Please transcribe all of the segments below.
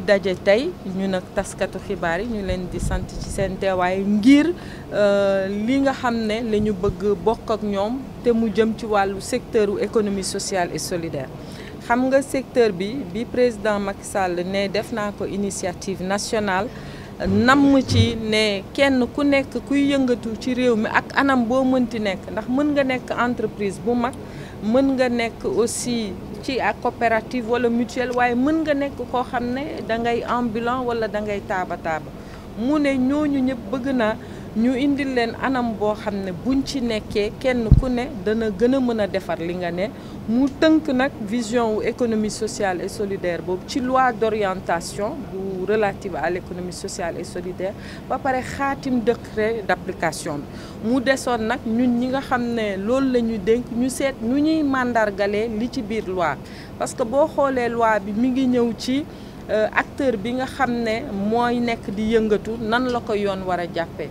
daje tey ñu nag taskatu xibaar yi ñu leen di sant ci seen teewaay ngir euh, li nga xam ne lañu bëgg bokk ak ñoom te mu jëm ci wàllu secteur économie sociale et solidaire xam nga secteur bi bi président Macky Sall ne def naa ko initiative nationale namm ci ne kenn ku nekk kuy yëngatu ci réew mi ak anam boo mënti nekk ndax mën nga nekk entreprise bu mag mën nga nekk aussi ci ak coopérative wala mutuelle waaye mën nga nekk koo xam ne da ngay ambulant wala da taaba taaba mu ne ñooñu ñëpp bëgg naa ñu indil leen anam boo xam ne buñ ci nekkee kenn ku ne dana gën a mën a defar li nga ne mu tënk nag vision wu économie sociale et solidaire boobu ci loi d'orientation bu relative à l'économie sociale et solidaire ba pare xaatim décret d'application bi mu desoon nag ñun ñi nga xam ne loolu la ñu dénk ñu seet ñu ñuy màndargalee li ci biir loi parce que boo xoolee loi bi mi ngi ñëw ci euh, acteur bi nga xam ne mooy nekk di yëngatu nan la ko yoon war a jàppee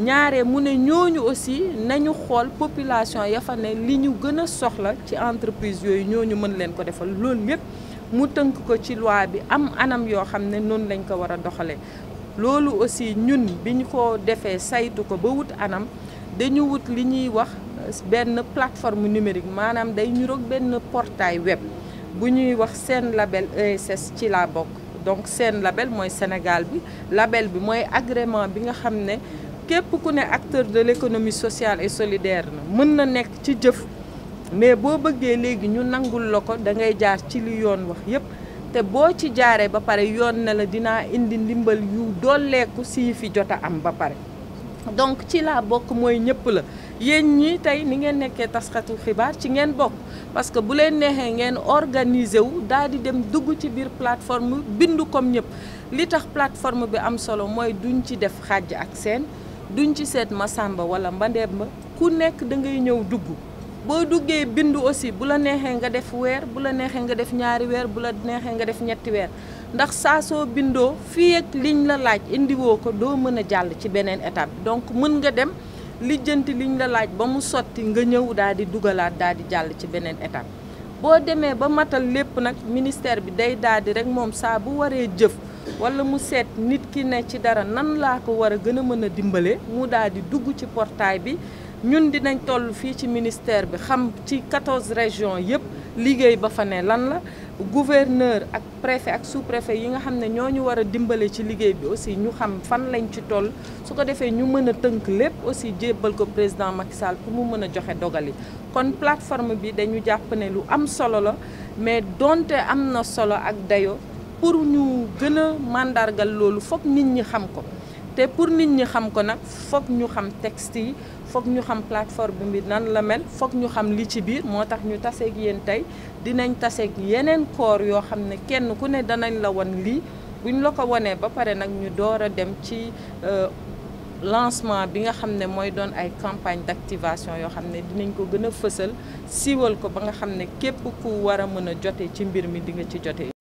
ñaare mu ne ñooñu aussi nañu xool population ya fa ne li ñu gën a soxla ci entreprise yooyu ñooñu mën leen ko defal loolu yépp mu tënk ko ci loi bi am anam yoo xam ne noonu lañ ko war a doxalee loolu aussi ñun biñ ñu ko defee saytu ko ba wut anam dañu wut li ñuy wax benn plateforme numérique maanaam day ñu roog benn portail web bu ñuy wax seen label ESS ci laa bokk donc seen label mooy Sénégal bi label bi mooy agrément bi nga xam ne képp ku ne acteur de l'économie sociale et solidaire na mën na nekk ci jëf mais boo bëggee léegi ñu nangul la ko da ngay jaar ci li yoon wax yépp te boo ci jaaree ba pare yoon na la dinaa indi dimbal yu dooleeku si fi jot am ba pare donc ci laa bokk mooy ñëpp la yéen ñi tey ni ngeen nekkee taskatu xibaar ci ngeen parce que bu leen neexee ngeen organiser wu daal di dem ci biir plateforme bindu comme ñëpp li tax plateforme bi am solo mooy duñ ci def xàjj ak duñ ci seet Masamba wala Mbandemba ku nekk da ngay ñëw dugg boo duggee bindu aussi bu la neexee nga def weer bu la neexee nga def ñaari weer bu la neexee nga def ñetti weer ndax saa soo bindoo fii ak liñ la laaj indiwoo ko doo mën a jàll ci beneen étape bi donc mën nga dem lijjanti liñ la laaj ba mu sotti nga ñëw daal di dugalaat daal di jàll ci beneen étape boo demee ba matal lépp nag ministère bi day daal di rek moom saa bu waree jëf wala mu seet nit ki ne ci dara nan laa ko war a gën a mën a dimbale mu daal di dugg ci portaay bi ñun dinañ toll fii ci ministère bi xam ci 14 régions yëpp liggéey ba fa ne lan la gouverneur ak préfet ak sous yi nga xam ne ñoo ñu war a dimbale ci liggéey bi aussi ñu xam fan lañ ci toll su ko defee ñu mën a tënk lépp aussi jébbal ko président Macky Sall mu mën a joxe dogal yi kon plateforme bi dañu jàpp ne lu am solo la mais donte am na solo ak dayo pour ñu gën a màndargal loolu foog nit ñi xam ko te pour nit ñi xam ko nag foog ñu xam texte yi foog ñu xam plateforme bi nan la mel foog ñu xam li ci biir moo tax ñu taseeg yéen tey dinañ taseeg yeneen koor yoo xam ne kenn ku ne danañ la wan lii buñ la ko wanee ba pare nag ñu door a dem ci euh, lancement bi nga xam ne mooy doon ay campagne d'activation yoo xam ne dinañ ko gën a fësal siiwal ko ba nga xam ne képp ku war a mën a jote ci mbir mi di nga ci jote